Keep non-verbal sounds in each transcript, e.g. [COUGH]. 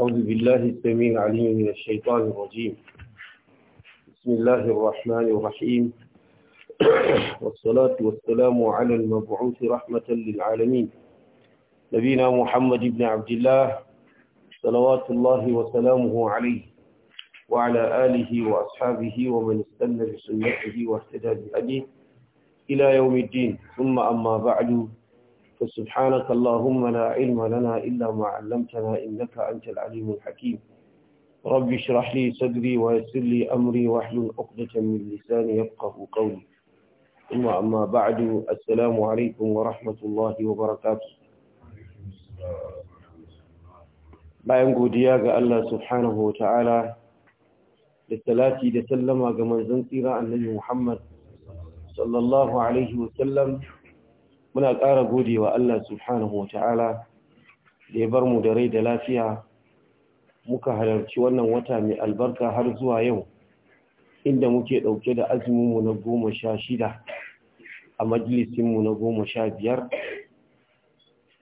أعوذ بالله السميع العليم من الشيطان الرجيم بسم الله الرحمن الرحيم [COUGHS] والصلاة والسلام على المبعوث رحمة للعالمين نبينا محمد بن عبد الله صلوات الله وسلامه عليه وعلى آله وأصحابه ومن استنى بسنته واهتدى بهديه إلى يوم الدين ثم أما بعد فسبحانك اللهم لا علم لنا إلا ما علمتنا إنك أنت العليم الحكيم رب اشرح لي صدري ويسر لي أمري واحلل عقدة من لساني يفقه قولي ثم أما بعد السلام عليكم ورحمة الله وبركاته bayan godiya ga Allah subhanahu wa ta'ala da salati da sallama ga manzon tsira annabi Muhammad sallallahu alaihi wa sallam muna ƙara godewa Allah subhanahu wa ta'ala da ya bar mu da rai da lafiya muka halarci wannan wata mai albarka har zuwa yau inda muke ɗauke da azuminmu na goma sha shida a majalisinmu na goma sha biyar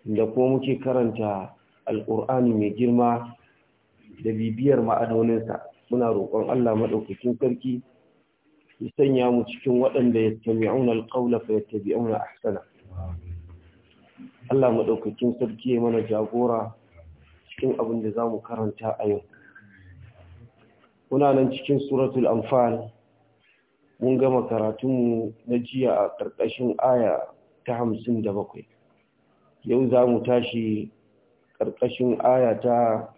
da kuma muke karanta alƙur'ani mai girma da bibiyar ma'anoninsa muna roƙon Allah maɗaukacin sarki ya sanya mu cikin waɗanda ya tabi'una alƙaula fa ya tabi'una ahsana Allah maɗaukakin sarki ya mana jagora cikin abin da za mu karanta a yau. Muna nan cikin suratul amfal mun gama karatunmu na jiya a ƙarƙashin aya ta hamsin da bakwai. Yau za mu tashi ƙarƙashin aya ta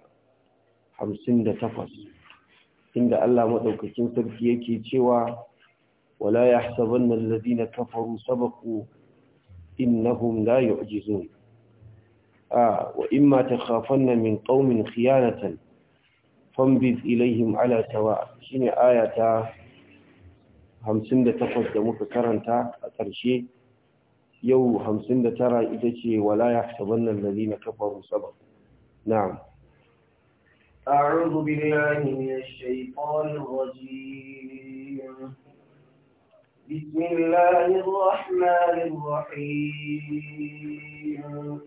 hamsin da takwas. Inda Allah maɗaukakin sarki yake cewa, Wala ya hasabannan nan lalazina kafaru sabaku innahum la yu'jizun a wa imma takhafanna min qaumin khiyanatan fambiz ilaihim ala sawa shine ayata ta 58 da muka karanta a ƙarshe yau 59 ita ce wala yahsabanna alladhina kafaru sabab na'am أعوذ بالله من الشيطان الرجيم بسم الله الرحمن الرحيم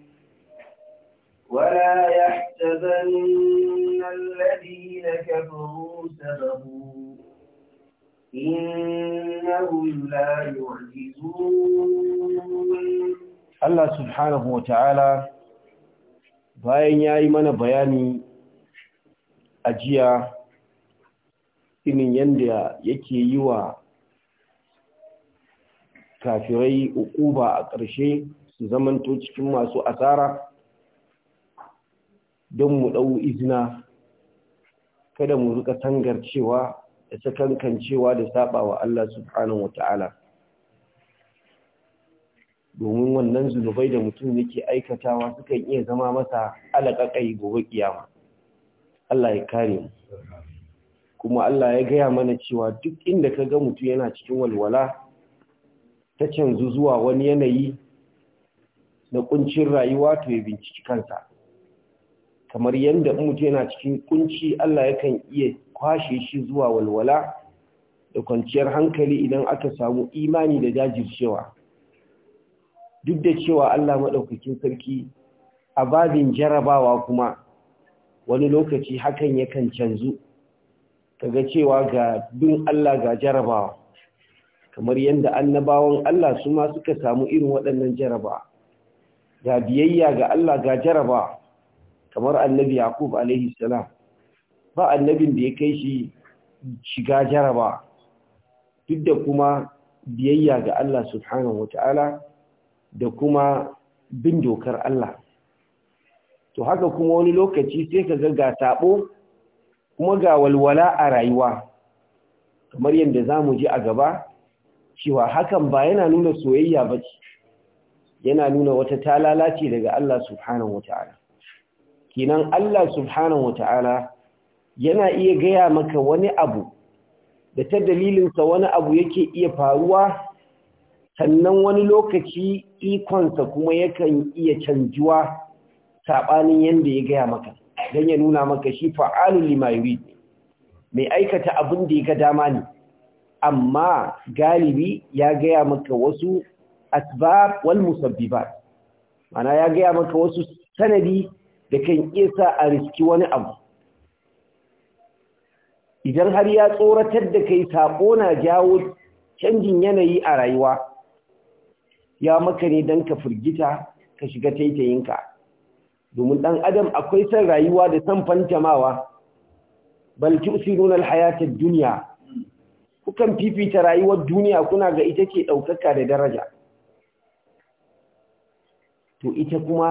ولا يحسبن الذين كفروا سبقوا إنهم لا يعجزون الله سبحانه وتعالى bayan ya yi mana bayani ajiya jiya inin yadda yake yi wa kafirai uquba a ƙarshe su zamanto cikin masu asara don mu ɗau izina kada mu rika tangarcewa da sakankancewa da saba wa Allah subhanahu wa ta'ala domin wannan zunubai da mutum yake aikatawa sukan iya zama masa alaƙaƙai gobe kiyama Allah ya kare mu kuma Allah ya gaya mana cewa duk inda ka ga mutum yana cikin walwala ta canzu zuwa wani yanayi na kuncin rayuwa to ya binciki kansa kamar yadda mutum yana cikin kunci Allah yakan iya kwashe shi zuwa walwala da kwanciyar hankali idan aka samu imani da jajircewa duk da cewa Allah maɗaukakin sarki a babin jarabawa kuma wani lokaci hakan yakan canzu kaga cewa ga bin Allah ga jarabawa kamar yadda annabawan Allah su ma suka samu irin waɗannan jaraba ga biyayya ga Allah ga jaraba kamar annabi Yaqub alaihi salam ba annabin da ya kai shi shiga jaraba duk da kuma biyayya ga Allah subhanahu wata'ala da kuma bin dokar Allah to haka kuma wani lokaci sai ka ga ga sabo kuma ga walwala a rayuwa kamar yadda za mu ji a gaba cewa hakan ba yana nuna soyayya ba ce yana nuna wata talala ce daga Allah subhanahu wata'ala kinan Allah subhanahu wata'ala yana iya gaya maka wani abu da ta dalilinsa wani abu yake iya faruwa sannan wani lokaci ikonsa kuma yakan iya canjuwa saɓanin yadda ya gaya maka don ya nuna maka shi fa'alun limayuri mai aikata abin da ya ga dama ne amma galibi ya gaya maka wasu asbab wal musabbibat mana ya gaya maka wasu sanadi da kan sa a riski wani abu idan har ya tsoratar da kai sako na jawo canjin yanayi a rayuwa ya maka ne don ka firgita ka shiga taitayinka domin ɗan adam akwai son rayuwa da san fantamawa balki usirunar hayatar duniya kukan fifita rayuwar duniya kuna ga ita ke ɗaukaka da daraja to ita kuma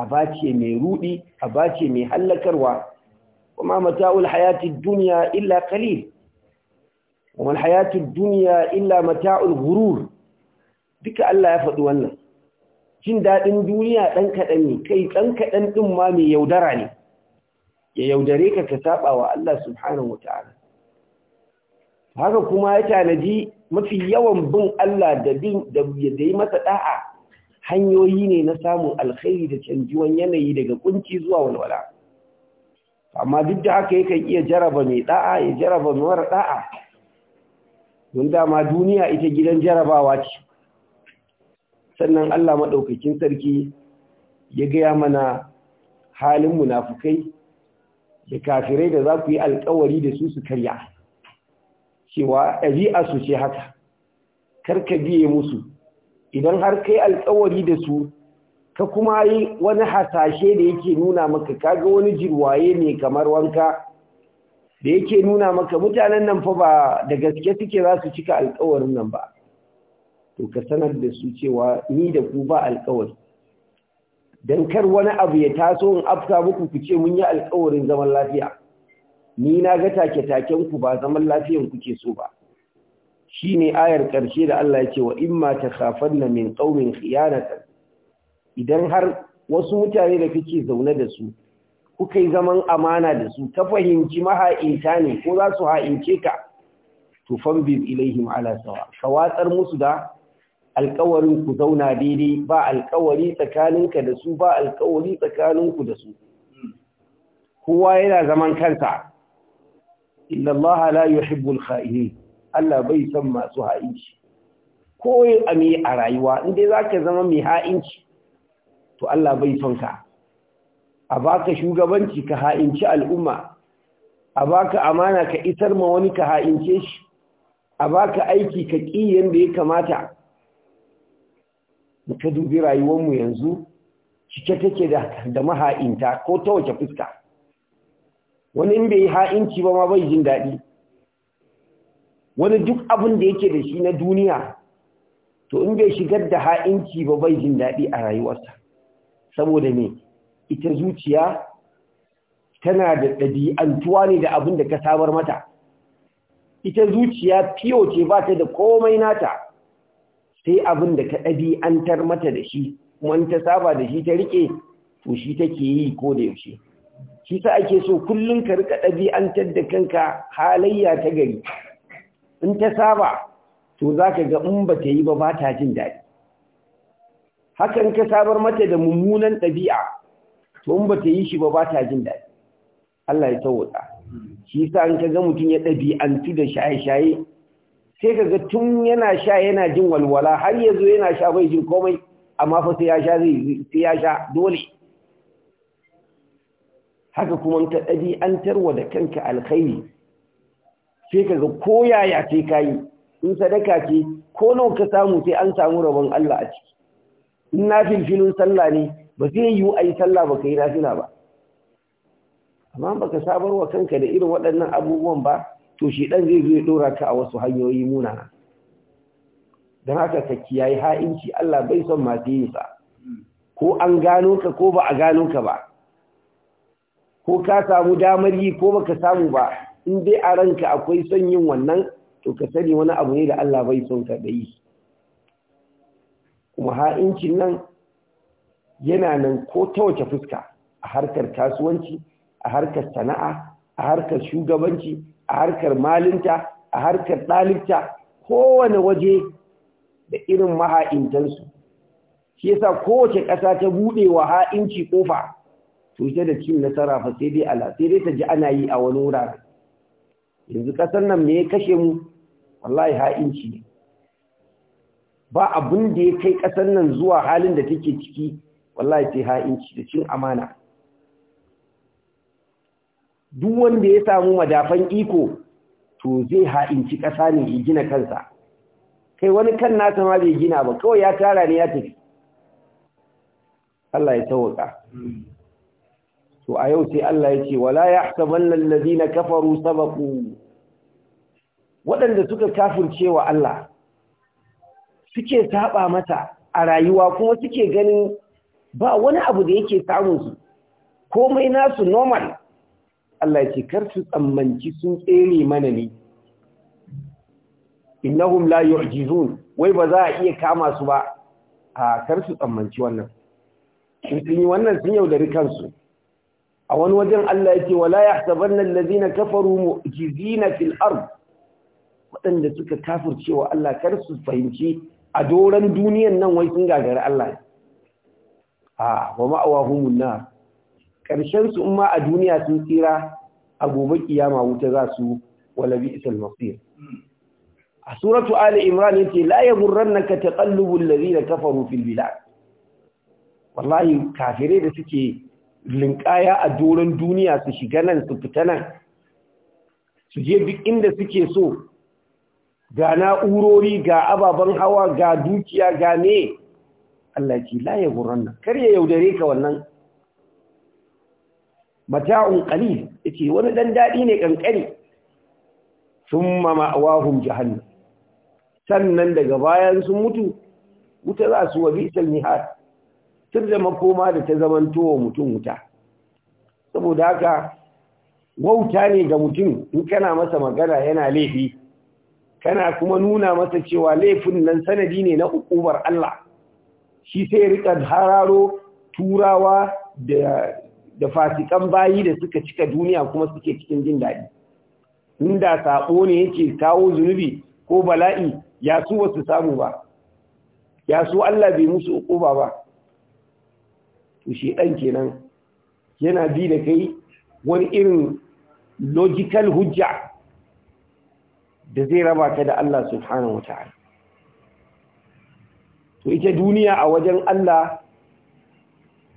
abace mai rudi abace mai hallakarwa kuma mata'ul hayatid duniya illa qalil kuma hayatid duniya illa mata'ul ghurur duka Allah ya faɗi wannan jin daɗin duniya ɗan kaɗan ne kai ɗan kaɗan ɗin ma mai yaudara ne ya yaudare ka ka saba wa Allah subhanahu wataala haka kuma ya tanaji mafi yawan bin Allah da bin da yi masa da'a hanyoyi ne na samun alkhairi da canjiwan yanayi daga kunci zuwa walwala amma duk da haka yakan iya jaraba mai da'a ya jaraba mara da'a Mun dama duniya ita gidan jarabawa ce sannan Allah maɗaukakin sarki ya gaya mana halin munafukai da kafirai da za ku yi alkawari da su su karya cewa ɗabi'a su ce haka karka biye musu idan har kai alkawari da su ka kuma yi wani hasashe da yake nuna maka kaga wani jirwaye ne kamar wanka da yake nuna maka mutanen nan fa ba da gaske suke za su cika alkawarin nan ba to ka sanar da su cewa ni da ku ba alkawari Dan kar wani abu ya taso in afka muku ku ce mun yi alkawarin zaman lafiya ni na ga take-taken ku ba zaman lafiyan kuke so ba shine ayar ƙarshe da Allah yake wa imma takhafanna min qaumin khiyanatan idan har wasu mutane da kake zaune da su kuka yi zaman amana da su ta fahimci maha'inta ne ko za su ha'ince ka tufan bir ilaihim ala sawa ka watsar musu da alkawarin ku zauna daidai ba alkawari tsakaninka da su ba alkawari tsakaninku da su kowa yana zaman kansa inna Allah la yuhibbul kha'ini Allah bai san masu ha'inci ko ami a rayuwa in dai zaka zama mai ha'inci to Allah bai son ka a baka shugabanci ka ha'inci al'umma a baka amana ka isar ma wani ka ha'ince shi a baka aiki ka ƙi yanda ya kamata ka dubi rayuwar mu yanzu cike take da maha'inta ko ta wace fuska wani in bai yi ha'inci ba ma bai jin daɗi wani duk abin da yake da shi na duniya to in bai shigar da ha'inci ba bai jin daɗi a rayuwarsa saboda me ita zuciya tana da ɗabi'antuwa ne da abin da ka sabar mata ita zuciya fiyo ce ba ta da komai nata sai abin da ka ɗabi'antar mata da shi kuma in ta saba da shi ta riƙe to shi take yi ko da yaushe shi sa ake so kullum ka rika ɗabi'antar da kanka halayya ta gari in ta saba to za ka ga in ba ta yi ba ba ta jin daɗi hakan ka sabar mata da mummunan ɗabi'a to in ba ta yi shi ba ba ta jin daɗi Allah ya tawwata shi sa in ka ga mutum ya ɗabi'antu da shaye-shaye sai ka ga tun yana sha yana jin walwala har ya yana sha bai jin komai amma fa sai ya sha sai ya sha dole haka kuma ka ɗabi'antarwa da kanka alkhairi sai ka ga ko yaya sai ka yi in sadaka ce ko nawa ka samu sai an samu rabon Allah a ciki in na filfilin sallah ne ba zai yiwu a yi sallah ba ka yi nafila ba amma baka sabar wa kanka da irin waɗannan abubuwan ba to shi ɗan zai zo ya ɗora ka a wasu hanyoyi muna Dan haka ka kiyaye ha'inci Allah bai son masu yi sa ko an gano ka ko ba a gano ka ba ko ka samu damar yi ko baka samu ba in dai a ranka akwai son yin wannan to ka sani wani abu ne da Allah bai son ka dai kuma ha'incin nan yana nan ko ta wace fuska a harkar kasuwanci a harkar sana'a a harkar shugabanci a harkar malinta a harkar ɗalibta kowane waje da irin maha'intansu shi yasa kowace ƙasa ta buɗe wa ha'inci ƙofa to da cin nasara fa sai dai ala sai dai ta ji ana yi a wani wurare yanzu kasar nan me ya kashe mu wallahi ha'inci ne ba abin da ya kai kasar nan zuwa halin da take ciki wallahi sai ha'inci da cin amana duk wanda ya samu madafan iko to zai ha'inci kasa ne ya gina kansa kai wani kan nasa ma bai gina ba kawai ya tara ne ya tafi Allah ya tawaka. Hmm. to a yau sai Allah ya ce wala yahsabanna na kafaru sabaku waɗanda suka kafirce wa Allah suke saba mata a rayuwa kuma suke ganin ba wani abu da yake samun su komai nasu normal Allah ya ce kar su tsammanci sun tsere mana ne innahum la yu'jizun wai ba za a iya kama su ba a kar su tsammanci wannan sun yi wannan sun yaudari kansu a wani wajen Allah yake wala yahsabanna allazina kafaru mu'jizina fil ard waɗanda suka kafirce wa Allah kar su fahimci a doran duniyan nan wai sun gagari Allah a wa ma'awahumun na. karshen su umma a duniya sun tsira a gobe kiyama wuta za su wala bi isal masir a suratu ali imran yace la yaghurrannaka taqallubul ladina kafaru fil bilad wallahi kafirai da suke Linƙaya a doron duniya su shiga nan su fita nan su je duk inda suke so ga na'urori ga ababen hawa ga dukiya ga ne Allah ce laye wurin nan kar ya yaudare ka wannan mata'un qalil ce wani dan daɗi ne kankani a ma'awahum jahannam sannan daga bayan sun mutu wuta za su wabi sal nihad sun zama makoma da ta zamantowa mutum wuta saboda haka wauta ne ga mutum in kana masa magana yana laifi kana kuma nuna masa cewa laifin nan sanadi ne na hukumar Allah shi sai rika hararo turawa da da fasikan bayi da suka cika duniya kuma suke cikin jin daɗi inda sabo ne yake kawo zunubi ko bala'i ya su wasu samu ba ya su Allah bai musu ukuba ba to shi ɗan kenan yana bi da kai wani irin logical hujja da zai raba ka da Allah subhanahu wata'ala to ita duniya a wajen Allah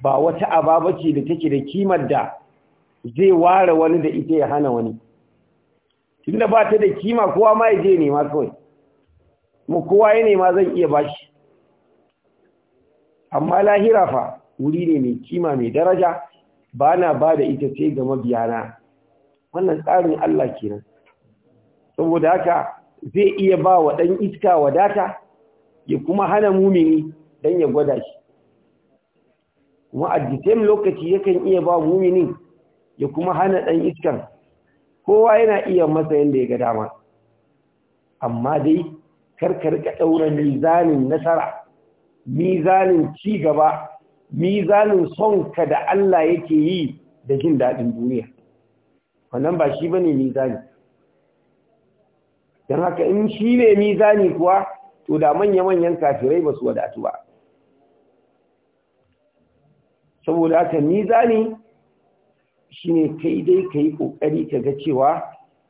ba wata ababa ce da take da kimar da zai ware wani da ita ya hana wani tunda ba ta da kima kowa ma ya je nema kawai mu kowa ya nema zan iya bashi amma lahira fa wuri ne mai kima mai daraja ba na ba da ita sai ga mabiyana wannan tsarin Allah kenan saboda haka zai iya ba wa ɗan iska wadata ya kuma hana mumini don ya gwada shi kuma a same lokaci yakan iya ba muminin ya kuma hana ɗan iskan kowa yana iya masa yadda ya ga dama amma dai karkar ka ɗaura mizanin nasara mizanin ci gaba mizanin son ka da Allah yake yi da jin daɗin duniya wannan ba shi bane mizani don haka in shi ne mizani kuwa to da manya-manyan kafirai ba su wadatu ba saboda haka mizani shi ne kai dai ka yi ƙoƙari ka ga cewa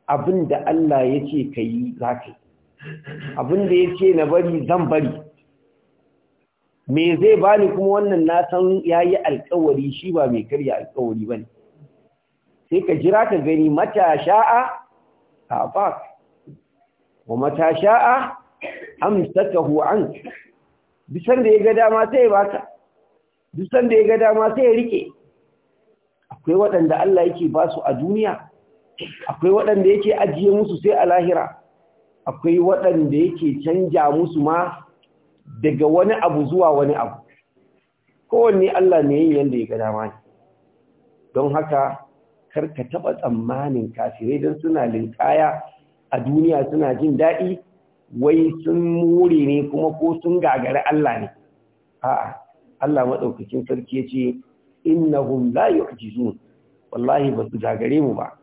abin da Allah ya ce ka yi za ka yi abin da ya ce na bari zan bari me zai bani kuma wannan na san ya yi alƙawari shi ba mai karya alƙawari ne? sai ka jira ka gani mata sha'a afak wa mata sha'a amsakahu an bisan da ya ga dama sai ya baka bisan da ya ga dama sai ya rike akwai waɗanda Allah yake ba su a duniya akwai waɗanda yake ajiye musu sai a lahira akwai waɗanda yake canja musu ma daga wani abu zuwa wani abu kowanne Allah ne yi yadda ya ga dama don haka karka taɓa tsammanin kafirai don suna linkaya a duniya suna jin daɗi wai sun mure ne kuma ko sun gagari Allah ne a'a Allah maɗaukakin sarki ya ce innahum la yu'jizun wallahi ba su gagare mu ba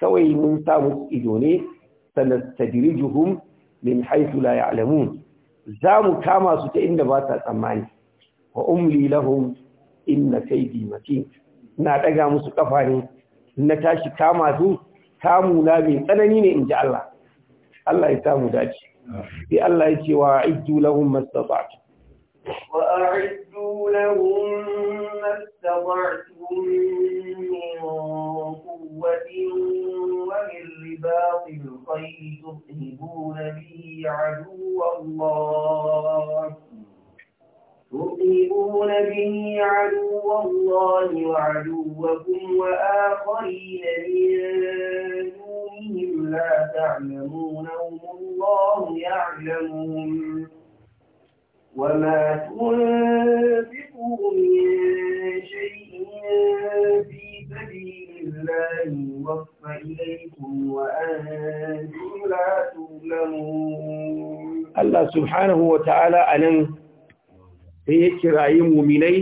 kawai mun sa musu ido ne sanastadrijuhum min haythu la ya'lamun za mu kama su ta inda ba ta tsammani wa umli lahum inna kaidi matin ina daga musu kafa ne na tashi kama su kamu na mai tsanani ne in ji Allah Allah ya samu dace bi Allah ya ce wa iddu lahum mastata'tu wa a'iddu lahum mastata'tum min quwwatin wa min ribatil khayr tuhibuna bihi الله تطيعون به عدو الله وعدوكم وآخرين من دونهم لا تعلمونهم الله يعلمون وما تنفقوا من شيء في الله وقف إليكم وأنتم لا تظلمون الله سبحانه وتعالى أنا يكرا يمؤمني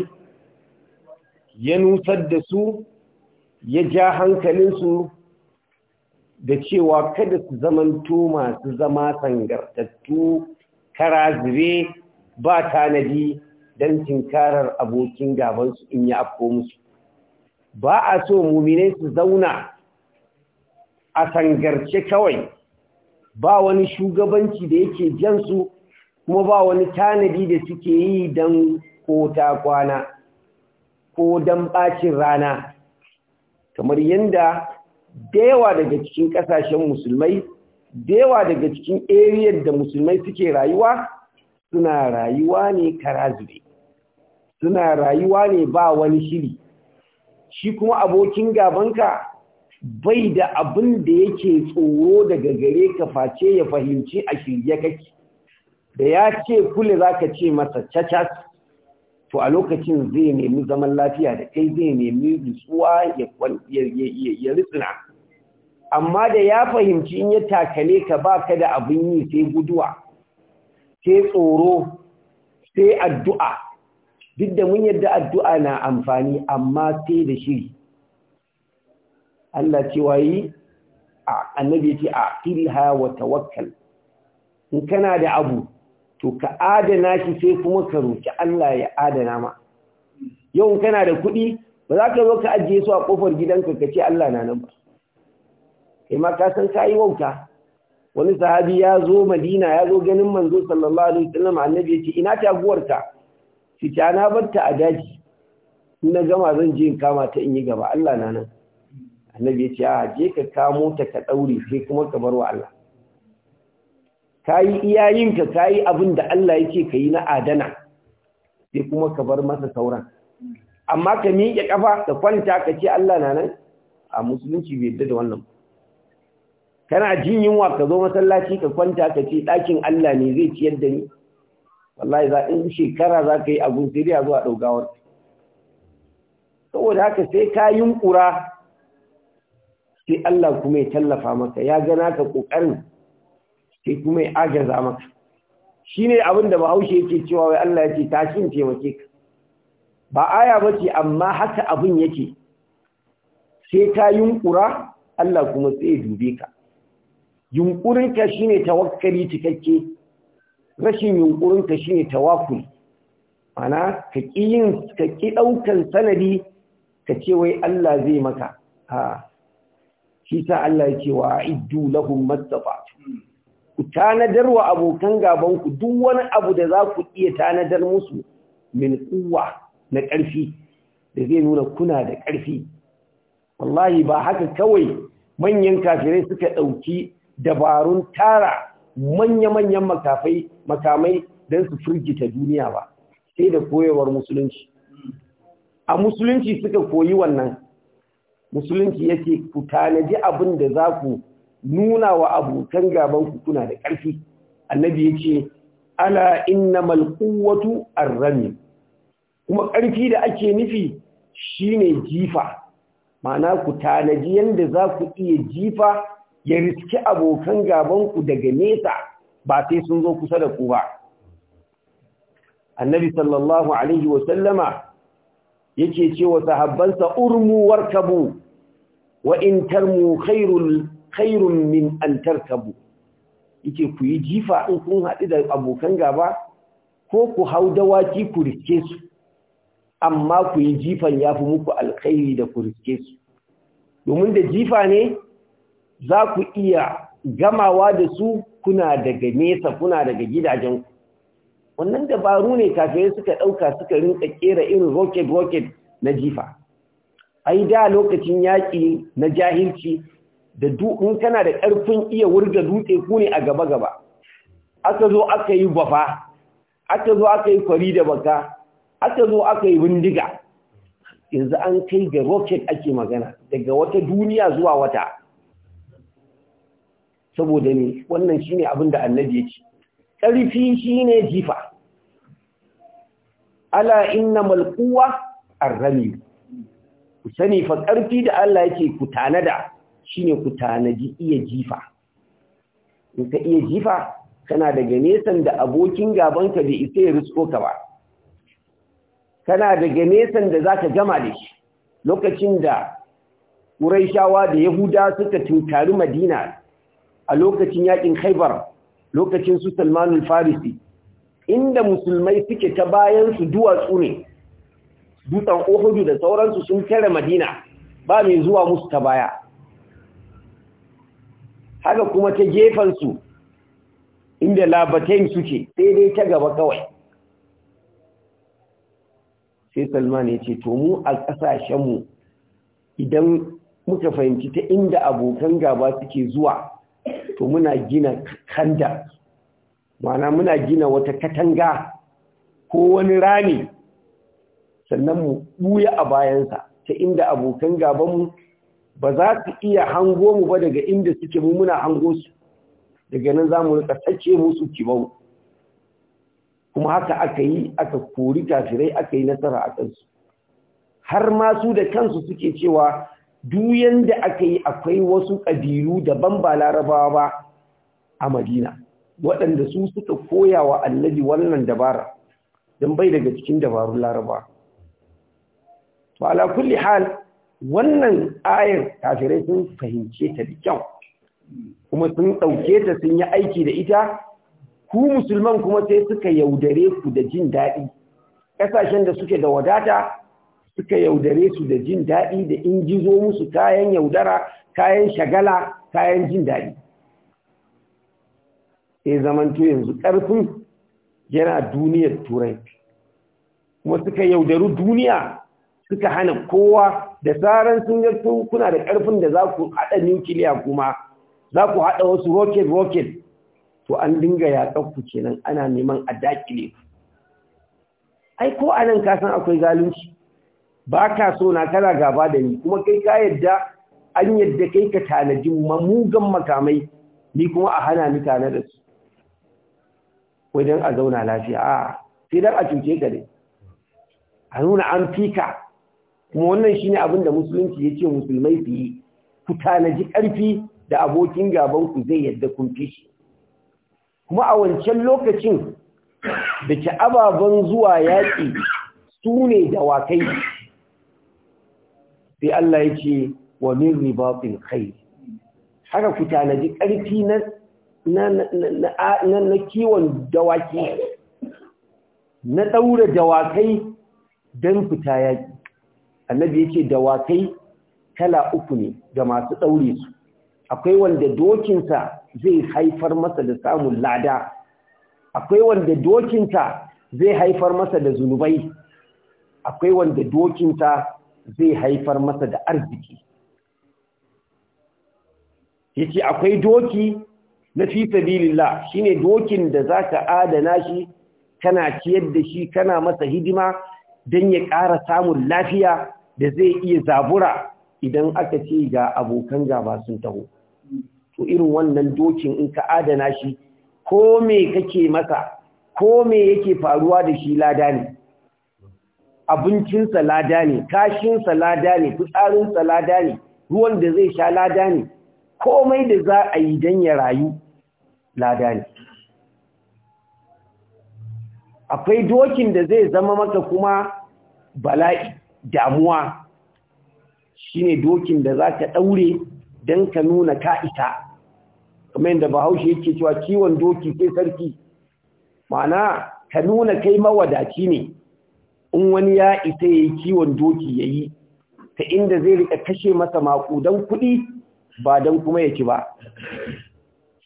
مميني سوء يجا hankalin da cewa kada su zamanto masu zama sangartattu karazire ba tanadi don tinkarar abokin gabansu in ya afko musu ba a so muminai su zauna a sangarce kawai ba wani shugabanci da yake jansu kuma ba wani tanadi da suke yi don kota kwana ko don ɓacin rana kamar yadda yawa daga cikin ƙasashen musulmai yawa daga cikin ariyar da musulmai suke rayuwa suna rayuwa ne karazube suna rayuwa ne ba wani shiri shi kuma abokin gabanka bai da abin da yake tsoro daga gare ka face ya fahimci a shirye kake da ya ce kule za ka ce masa cacas to a lokacin zai nemi zaman lafiya da kai zai nemi nutsuwa ya ritsina amma da ya fahimci in ya takale ka ba ka da abin yi sai guduwa sai tsoro sai addu'a duk da mun yadda addu'a na amfani amma sai da shiri Allah cewa a annabi ce a filha wa tawakkal in kana da abu to ka adana shi sai kuma ka roki Allah ya adana ma yau kana da kuɗi ba za ka zo ka ajiye su a ƙofar gidanka ka ce Allah na nan ba kai ma ka san ka yi wauta wani sahabi ya zo madina ya zo ganin manzo sallallahu alaihi wasallam annabi ya ce ina taguwarka fita na batta a daji na gama zan je in kama ta in yi gaba Allah na nan annabi ya ce a je ka kamo ta ka daure sai kuma ka bar wa Allah iyayinka ka yi abin da Allah yake kayi na adana sai kuma ka bar masa sauran amma ka miƙe kafa ka kwanta ka ce Allah na nan a musulunci bai yadda da wannan kana jin yunwa ka zo masallaci ka kwanta ka ce ɗakin Allah ne zai ciyar da ni wallahi za in shekara za ka yi a gunsiri zuwa ɗaugawar saboda haka sai ka yunƙura sai Allah kuma ya tallafa maka ya gana ka ƙoƙarin sai kuma ya agaza maka shi ne abin da bahaushe yake cewa wai Allah ya ce tashin taimake ka ba aya ba ce amma haka abin yake sai ka yunkura Allah kuma sai ya dube ka yunƙurinka shi ne tawakkali cikakke rashin yunkurinka shi ne tawakul mana ka ƙi ɗaukan sanadi ka ce wai Allah zai maka ha shi sa Allah ya ce wa iddu lahum mastafa ku tanadar wa abokan gabanku duk wani abu da za ku iya tanadar musu min kuwa na ƙarfi da zai nuna kuna da ƙarfi wallahi ba haka kawai manyan kafirai suka ɗauki dabarun tara manya-manyan makafai makamai don su firgita duniya ba sai da koyarwar musulunci a musulunci suka koyi wannan musulunci yake ku tanaji abin da za ku nuna wa abokan gaban ku kuna da ƙarfi annabi yace ala innamal quwwatu ar kuma ƙarfi da ake nufi shine jifa ma'ana ku tanaji yanda za ku iya jifa ya riski abokan gabanku daga nesa ba sai sun zo kusa da ku ba annabi sallallahu alaihi wasallama yake cewa sahabbansa urmu warkabu wa in tarmu khairul khairun min an tarkabu yake ku yi jifa in kun haɗu da abokan gaba ko ku hau dawaki ku riske su amma ku yi jifan ya fi muku alkhairi da ku riske su domin da jifa ne za ku iya gamawa da su kuna daga nesa kuna daga gidajen wannan dabaru ne kafin suka ɗauka suka rinka ƙera irin rocket rocket na jifa ai da lokacin yaƙi na jahilci da in kana da ƙarfin iya wurga dutse ku ne a gaba gaba aka zo aka yi bafa aka zo aka yi kwari da baka aka zo aka yi bindiga yanzu an kai ga rocket ake magana daga wata duniya zuwa wata saboda ne wannan shine abin da annabi ya ce ƙarfi shine jifa ala inna malkuwa, ar-rami ku sani fa ƙarfi da Allah yake ku tanada shine ku tanaji iya jifa in ka iya jifa kana daga nesan da abokin gabanka bai isa ya risko ka ba kana daga nesan da zaka gama da shi lokacin da kuraishawa da Yahuda suka tunkari Madina a lokacin yaƙin Khaibar lokacin su Salman farisi inda musulmai suke ta bayan su duwatsu ne dutsen Ohudu da sauransu sun tare Madina ba mai zuwa musu ta baya haka kuma ta gefen su inda labatain suke sai dai ta gaba kawai sai Salman ya ce to mu a ƙasashenmu idan muka fahimci ta inda abokan gaba suke zuwa to muna gina kanda ma'ana muna gina wata katanga ko wani rami sannan mu buya a bayansa ta inda abokan gabanmu ba za su iya hango mu ba daga inda suke mu muna hango su daga nan za mu rika sace musu kibau kuma haka aka yi aka kori kafirai aka yi nasara a kansu har ma su da kansu suke cewa Duyan da aka yi akwai wasu ƙabilu daban ba larabawa ba a madina waɗanda su suka koya wa annabi wannan dabara don bai daga cikin dabarun laraba to ala kulli hal wannan ayar kafirai sun fahimce ta da kyau kuma sun ɗauke ta sun yi aiki da ita ku musulman kuma sai suka yaudare ku da jin daɗi ƙasashen da suke da wadata suka yaudare su da jin daɗi da in zo musu kayan yaudara kayan shagala kayan jin daɗi E, zamanto yanzu ƙarfin yana duniyar turai kuma suka yaudaru duniya suka hana kowa da tsaron sun ga kuna da ƙarfin da za ku haɗa nukiliya kuma za ku haɗa wasu rocket-rocket to an dinga yaƙar ku kenan ana neman a dakile ku ai ko anan kasan akwai zalunci ba ka so na kana gaba da ni kuma kai ka yadda an yadda kai ka tanaji mamugan makamai ni kuma a hana ni tana da su wajen a zauna lafiya a sai dan a cuce ka ne a nuna an fika kuma wannan shine abin da musulunci ya ce musulmai su yi ku tanaji ƙarfi da abokin gaban ku zai yadda kun fi shi kuma a wancan lokacin da ababen zuwa yaƙi su ne dawakai sai Allah ya ce wa min ribatil khayr haka ku tanaji ƙarfi na na kiwon dawaki na daura dawakai don fita yaki annabi yake dawakai kala uku ne ga masu daure su akwai wanda dokinsa zai haifar masa da samun lada akwai wanda dokinsa zai haifar masa da zunubai akwai wanda dokinsa zai haifar masa da arziki yace akwai doki na fi sabilillah shine dokin da zaka adana shi kana ciyar da shi kana masa hidima don ya ƙara samun lafiya da zai iya zabura idan aka ce ga abokan gaba sun taho to irin wannan dokin in ka adana shi ko me kake masa ko me yake faruwa da shi lada ne abincinsa lada ne kashinsa lada ne fitsarinsa lada ne ruwan da zai sha lada ne komai da za a yi don ya rayu lada ne akwai dokin da zai zama maka kuma bala'i damuwa shine dokin da za ka ɗaure don ka nuna ka ita. kamar yadda bahaushe yake cewa ciwon doki sai sarki ma'ana ka nuna kai mawadaci ne in wani ya isa ya yi kiwon doki ya yi ta inda zai rika kashe masa don kuɗi ba don kuma ya ci ba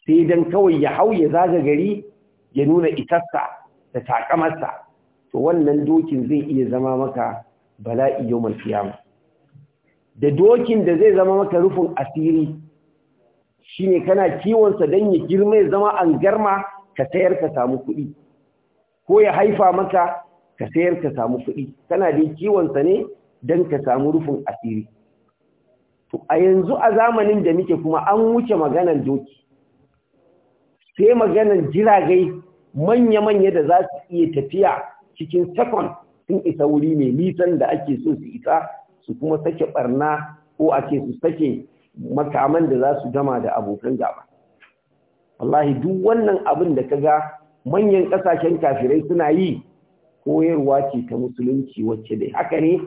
sai don kawai ya hau ya zaga gari ya nuna itasta da takamarsa to wannan dokin zai iya zama maka bala'i yau malfiyama da dokin da zai zama maka rufin asiri shi ne kana kiwonsa don ya girma ya zama an garma ka sayar ka samu kuɗi ko ya haifa maka ka sayar ka samu kuɗi kana kiwon sa ne don ka samu rufin asiri to a yanzu a zamanin da muke kuma an wuce maganan doki sai maganan jiragai manya-manya da za su iya tafiya cikin second sun isa wuri mai nisan da ake so su isa su kuma sake barna ko ake su sake makaman da za su gama da abokan gaba wallahi duk wannan abin da ka ga manyan ƙasashen kafirai suna yi koyarwa ce ta musulunci wacce dai haka ne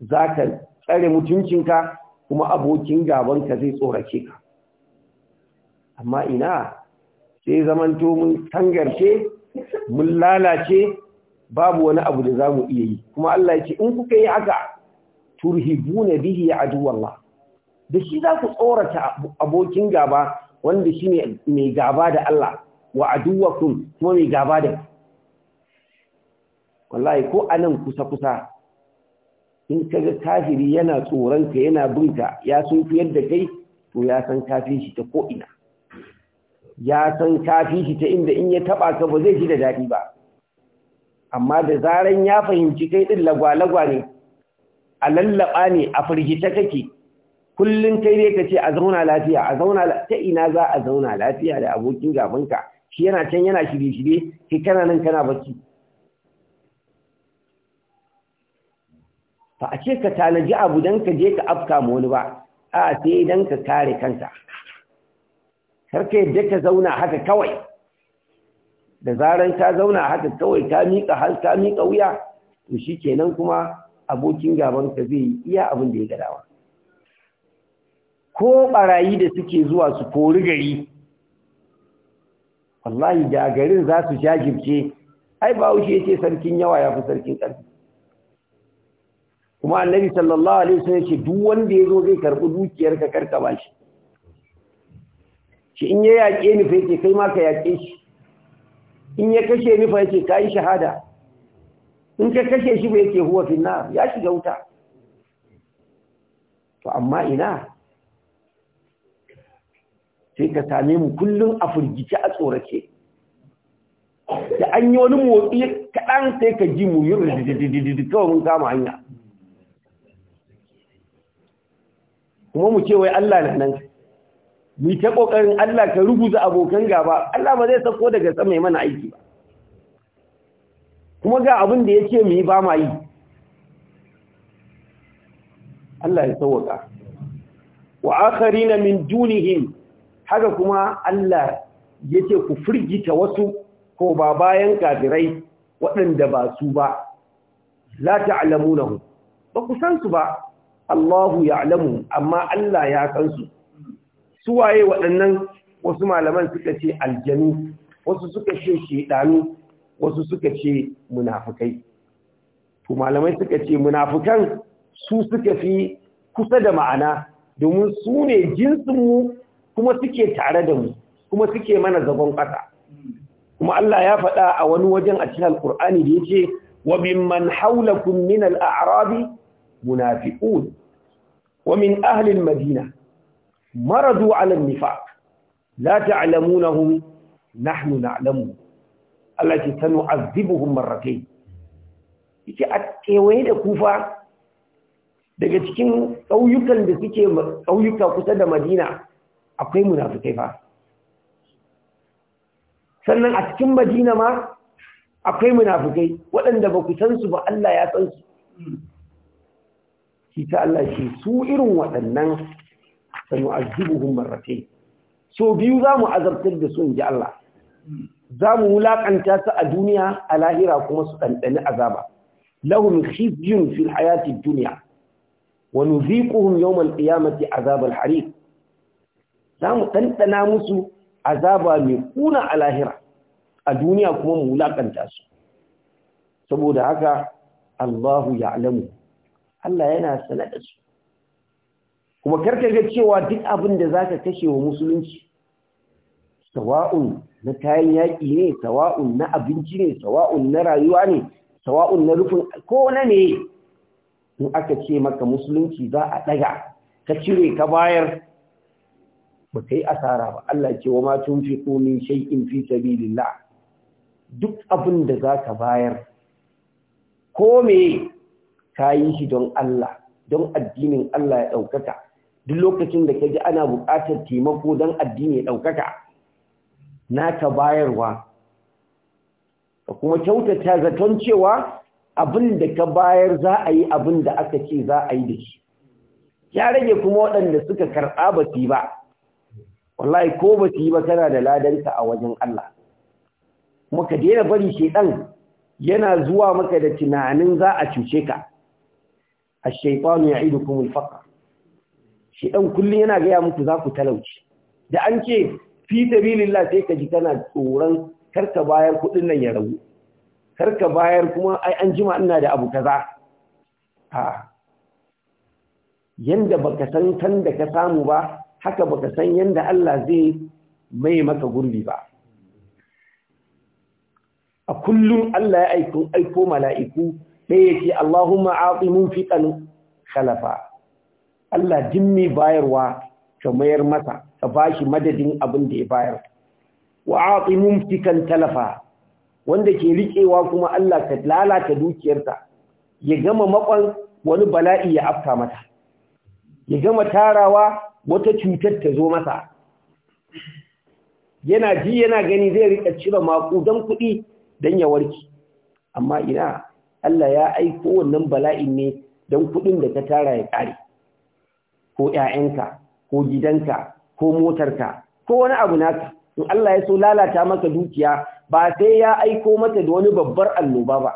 za ka tsare mutuncinka kuma abokin gabanka zai tsorace ka amma ina sai zamanto mun tangarce mun lalace babu wani abu da za mu iya yi kuma Allah ya ce in kuka yi haka turhibuna bihi aduwallah da shi za ku tsorata abokin gaba wanda shi ne mai gaba da Allah wa aduwakum kuma mai gaba da wallahi ko anan kusa-kusa in kaga kafiri yana tsoronka yana binka ya sun fi yadda kai to ya san kafin shi ta ko'ina ya san kafin shi ta inda in ya taba ka ba zai ji da daɗi ba amma da zaran ya fahimci kai ɗin lagwa-lagwa ne a lallaɓa ne a firgita kake kullum kai dai ka ce a zauna lafiya a zauna ta ina za a zauna lafiya da abokin gabanka shi yana can yana shirye-shirye kai kana nan kana bacci ba a ce ka tanaji abu don ka je ka afka ma wani ba a sai don ka kare kanka karka yadda ka zauna haka kawai da zaran ka zauna haka kawai ka miƙa har ka miƙa wuya to shi kenan kuma abokin gaban ka zai yi iya abin da ya gadawa ko barayi da suke zuwa su kori gari wallahi da garin za su jajirce ai ba wuce ce sarkin yawa ya fi sarkin ƙarfi kuma annabi sallallahu alaihi wasallam ce duk wanda yazo zai karbi dukiyar ka karkaba shi? shi in ya yake ni fa yace kai ma ka yake shi in ya kashe ni fa yace kai shahada in ka kashe shi ba yake huwa finna ya shiga wuta to amma ina sai ka same mu kullum a furgice a tsorace da an yi wani motsi kaɗan sai ka ji mu yi kawai mun kama hanya kuma mu ce wai Allah na nan mu ta kokarin Allah ka rubuta abokan gaba Allah ba zai sako daga sama mai mana aiki ba kuma ga abin da yake mu yi ba mai Allah ya sauka wa akharina min dunihim haka kuma Allah yake ku firgita wasu ko ba bayan kafirai waɗanda ba su ba la ta'lamunahu ba ku san su ba Allahu ya'lamu amma Allah ya san su suwaye waɗannan wasu malaman suka ce aljanu wasu suka ce shiɗanu wasu suka ce munafukai? to malamai suka ce munafukan su suka fi kusa da ma'ana domin su ne jinsinmu kuma suke tare da mu kuma suke mana zagon ƙasa kuma Allah ya faɗa a wani wajen a cikin al da da yace wa man haulakun min al-a'rabi munafiqun wa min ahli al-madina maradu ala an-nifaq la ta'lamunahum nahnu na'lamu Allah ce a kewaye da kufa daga cikin ƙauyukan da suke ƙauyuka kusa da madina akwai munafikai fa sannan a cikin madina ma akwai munafikai waɗanda ba ku san su ba Allah ya san su shi ta Allah ce su irin waɗannan sanu azibuhum marratayn so biyu zamu azabtar da su inji Allah zamu wulakanta su a duniya a lahira kuma su dandani azaba lahum khizyun fil hayati dunya wa nuziquhum yawm al qiyamati azab al hariq zamu dandana musu azaba mai kuna a lahira a duniya kuma mu wulakanta su saboda haka Allahu ya'lamu Allah yana sana da su kuma karka ga cewa duk abin da za ka kashe wa musulunci sawa'un na kayan yaƙi ne sawa'un na abinci ne sawa'un na rayuwa ne sawa'un na rufin ko na ne in aka ce maka musulunci za a ɗaga ka cire ka bayar ba ka yi asara ba Allah ce wa matun fi komin shaikin fi sabilillah duk abin da za ka bayar ko me ka yi shi don Allah don addinin Allah ya ɗaukaka duk lokacin da ka ji ana buƙatar taimako don addini ya ɗaukaka ka bayarwa ka kuma kyautata zaton cewa abin da ka bayar za a yi abin da aka ce za a yi da shi ya rage kuma waɗanda suka karɓa ba su yi ba wallahi ko ba su yi ba kana da ladanta a wajen Allah kuma ka daina bari shedan yana zuwa maka da tunanin za a cuce ka ash-shaytanu ya'idukum al-faqr shi dan kullun yana ga ya muku za ku talauci da an ce fi sabilillah sai ka ji kana tsoron karka bayar kudin nan ya rabu karka bayar kuma ai an jima ina da abu kaza a yanda baka san kanda da ka samu ba haka baka san yanda Allah zai mai maka gurbi ba a kullum Allah ya aiko mala'iku ɗaya ce Allahumma aati munfiqan khalafa Allah jimmi bayarwa ka mayar masa ka bashi madadin abin da ya bayar wa aati mumtikan talafa wanda ke riƙewa kuma Allah ka lalata dukiyarta ya gama makon wani bala'i ya afka mata ya gama tarawa wata cutar ta zo masa yana ji yana gani zai rika cire makudan kuɗi don ya warki amma ina Allah ya aiko wannan bala'in ne don kuɗin da ta tara ya ƙare ko ‘ya'yanka ko gidanka ko motarka ko wani abu naka in Allah ya so lalata maka dukiya ba sai ya aiko mata da wani babbar annoba ba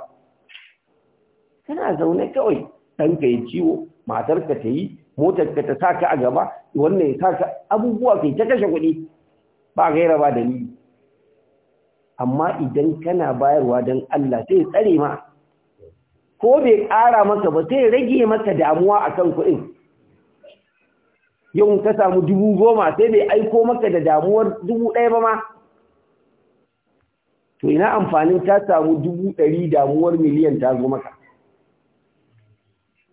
kana zaune kawai ɗanka ya ciwo matarka ta yi motarka ta saka a gaba wannan ya saka abubuwa kai ta kashe kuɗi ba gaira ba dalili amma idan kana bayarwa don Allah sai tsare ma ko bai ƙara maka ba sai rage maka damuwa a kan kuɗin yau ka samu dubu goma sai bai aiko maka da damuwar dubu ɗaya ba ma to ina amfanin ta samu dubu ɗari damuwar miliyan ta zo maka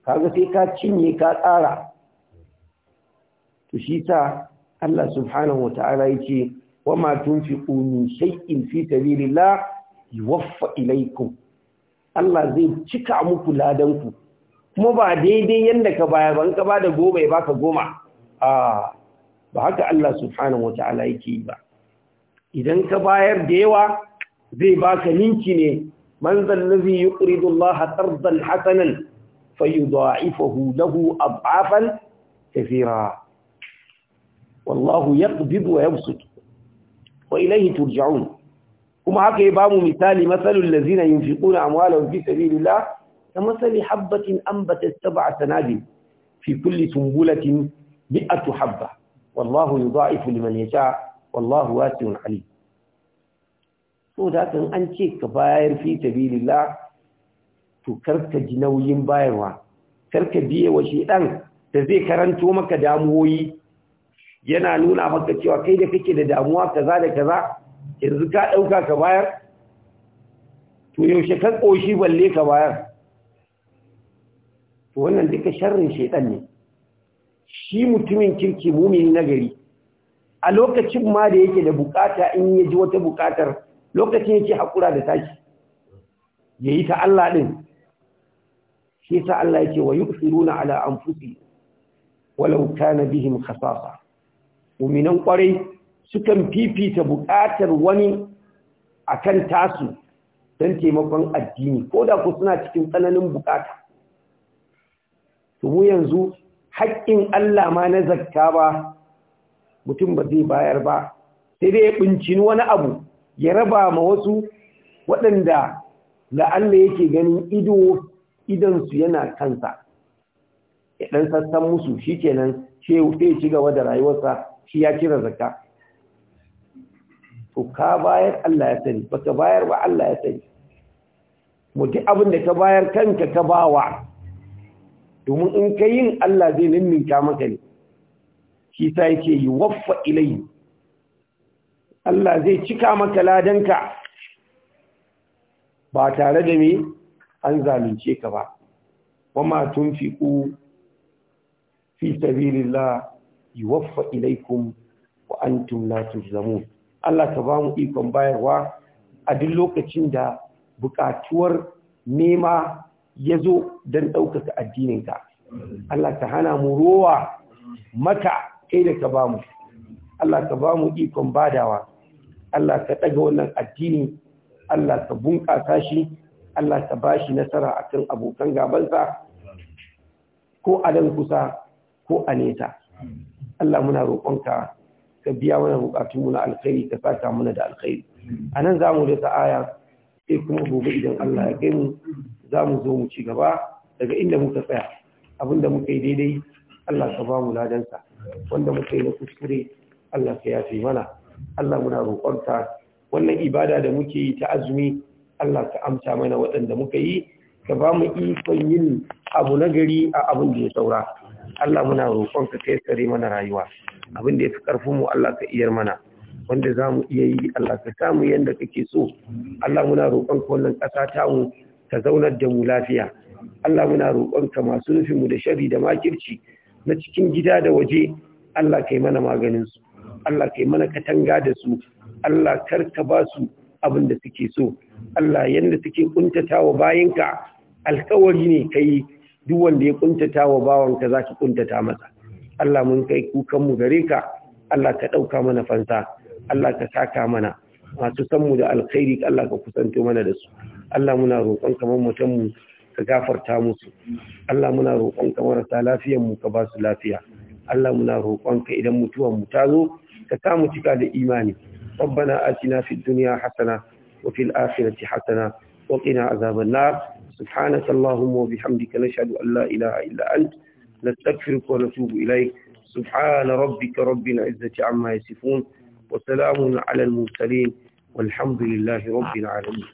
kaga sai ka cinye ka tsara to shi sa Allah subhanahu wata'ala yace wama tunfiqu min shay'in fi sabilillah yuwaffa ilaykum Allah zai cika muku ladanku kuma ba daidai yadda ka baya ban ka da goma ya baka goma Aa, ba haka Allah subhanahu wata'ala yake yi ba idan ka bayar da yawa zai baka ninki ne man zallazi yuqridu Allah qardan hasanan fayudha'ifahu lahu ad'afan kathira wallahu yaqbidu wa yabsut wa ilayhi turja'un kuma haka ya bamu misali 'Masalin lazina yunfiquna amwalahum fi sabilillah kamathali ta anbatat a sanabil fi kulli sumbulatin mi'atu habba wallahu yudha'ifu liman yasha wallahu wasi'un alim so da kan an ce ka bayar fi sabilillah to karka ji nauyin bayarwa karka biye wa shedan da zai karanto maka damuwoyi yana nuna maka cewa kai da kake da damuwa kaza da kaza yanzu ka ɗauka ka bayar to yaushe ka ƙoshi balle ka bayar to wannan duka sharrin shaidan ne shi mutumin kirki mumini nagari a lokacin ma da yake da bukata in ya ji wata bukatar lokacin yake haƙura da tashi ya yi ta Allah ɗin shi ta Allah yake wa yusiruna ala anfusi walau kana bihim khasasa muminan kwarai sukan fifita buƙatar wani a kan tasu don taimakon addini ko da ku suna cikin tsananin buƙata mu yanzu haƙƙin Allah ma na zakka ba mutum ba zai bayar ba sai dai ya wani abu ya raba ma wasu waɗanda la'alla yake ganin ido idansu yana kansa ya ɗan sassan musu shi kenan sai ci gaba da rayuwarsa shi ya kira zakka to ka bayar Allah ya sani baka bayar ba Allah ya sani mu duk abin da ka bayar kanka ka bawa domin in ka yin Allah zai ninninka maka ne shi sa yake yi waffa ilayhi Allah zai cika maka ladanka ba tare da me an zalunce ka ba ma tunfiqu fi sabilillah yuwaffa ilaykum wa antum la tuzlamun Allah ka ba mu ikon bayarwa a duk lokacin da bukatuwar nema ya zo don ɗaukaka addininka. Allah ka hana mu rowa maka kai da ka ba mu. Allah ka ba mu ikon badawa. Allah ka ɗaga wannan addini, Allah ka bunƙasa shi, Allah ka ba shi nasara a kan abokan gabansa ko a dan kusa ko a nesa. Allah muna roƙonka ka biya mana bukatunmu na alkhairi ka saka mana da alkhairi a nan za mu dasa aya sai kuma gobe idan Allah ya kai za mu zo mu ci gaba daga inda muka tsaya abinda muka yi daidai Allah ka ba mu ladansa wanda muka yi na kuskure Allah ka yafe mana Allah muna roƙonta wannan ibada da muke yi ta azumi Allah ka amsa mana waɗanda muka yi ka ba mu ikon yin abu nagari gari a abin da ya saura Allah muna roƙonka kai tsare mana rayuwa abin da ya fi ƙarfin mu Allah ka iyar mana wanda za mu iya yi Allah ka mu yadda kake so Allah muna roƙon ka wannan ƙasa ta mu ta zaunar da mu lafiya Allah muna roƙon ka masu nufin mu da shari da makirci na cikin gida da waje Allah kai mana maganin su Allah kai mana katanga da su Allah kar ka ba su abin da suke so Allah yadda suke kuntatawa bayinka alkawari ne kai duk wanda ya wa bawanka zaki kuntata masa Allah mun kai kukanmu gare ka Allah ka ɗauka mana fansa Allah ka saka mana masu san mu da alkhairi Allah ka kusanto mana da su Allah muna roƙon kamar ka gafarta musu Allah muna roƙon ka marasa lafiyar mu ka ba su lafiya Allah muna roƙon ka idan mutuwan mu ta zo ka sa mu cika da imani ربنا آتنا في الدنيا حسنة وفي الآخرة حسنة وقنا عذاب النار سبحانك wa وبحمدك نشهد أن لا إله illa أنت نستغفرك ونتوب إليك سبحان ربك رب العزة عما يصفون وسلام على المرسلين والحمد لله رب العالمين